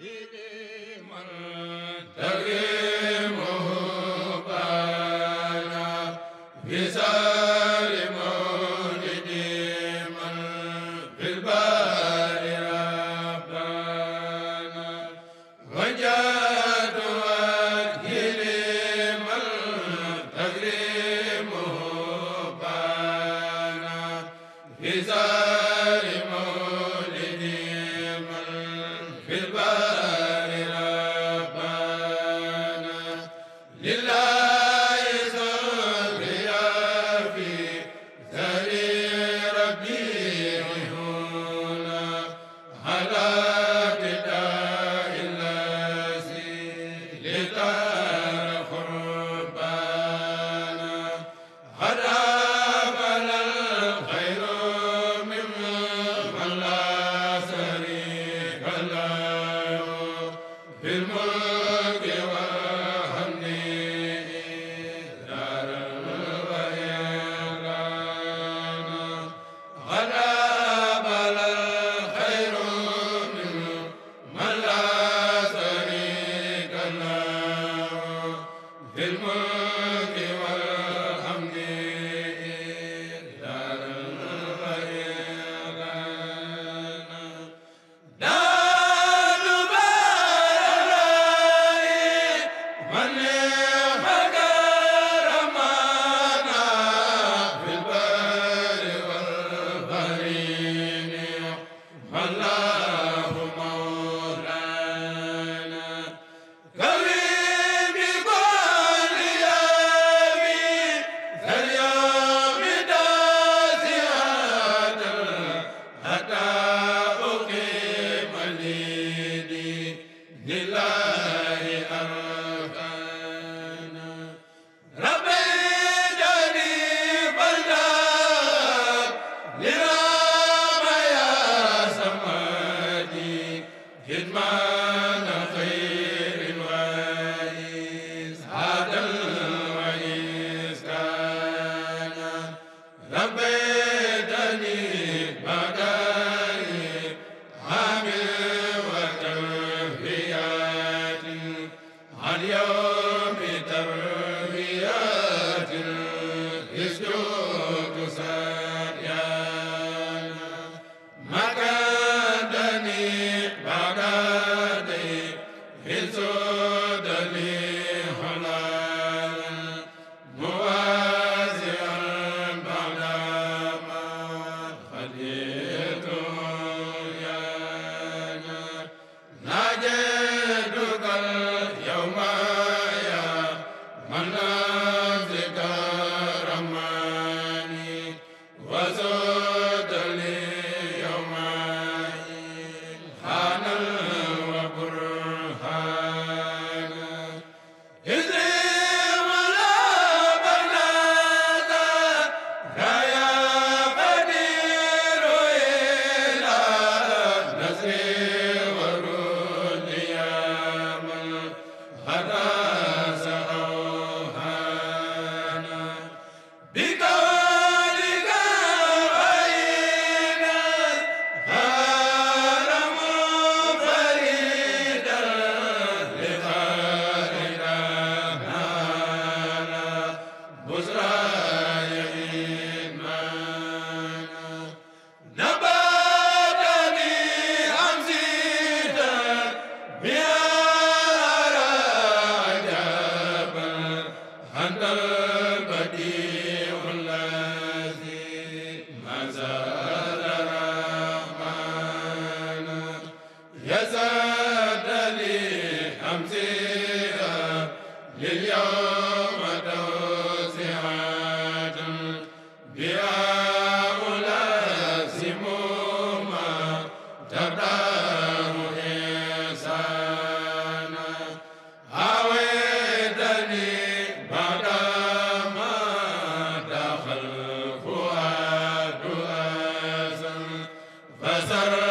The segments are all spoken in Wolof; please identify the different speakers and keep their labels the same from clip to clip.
Speaker 1: He did. asara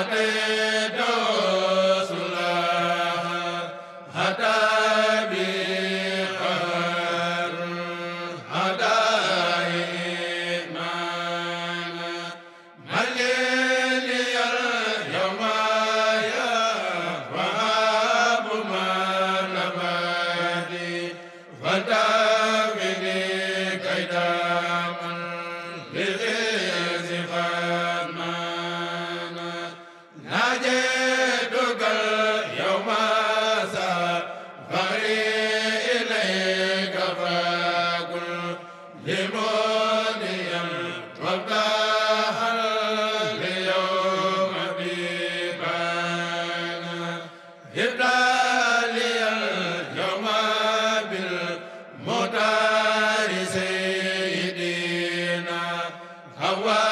Speaker 1: Fate wa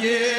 Speaker 1: jee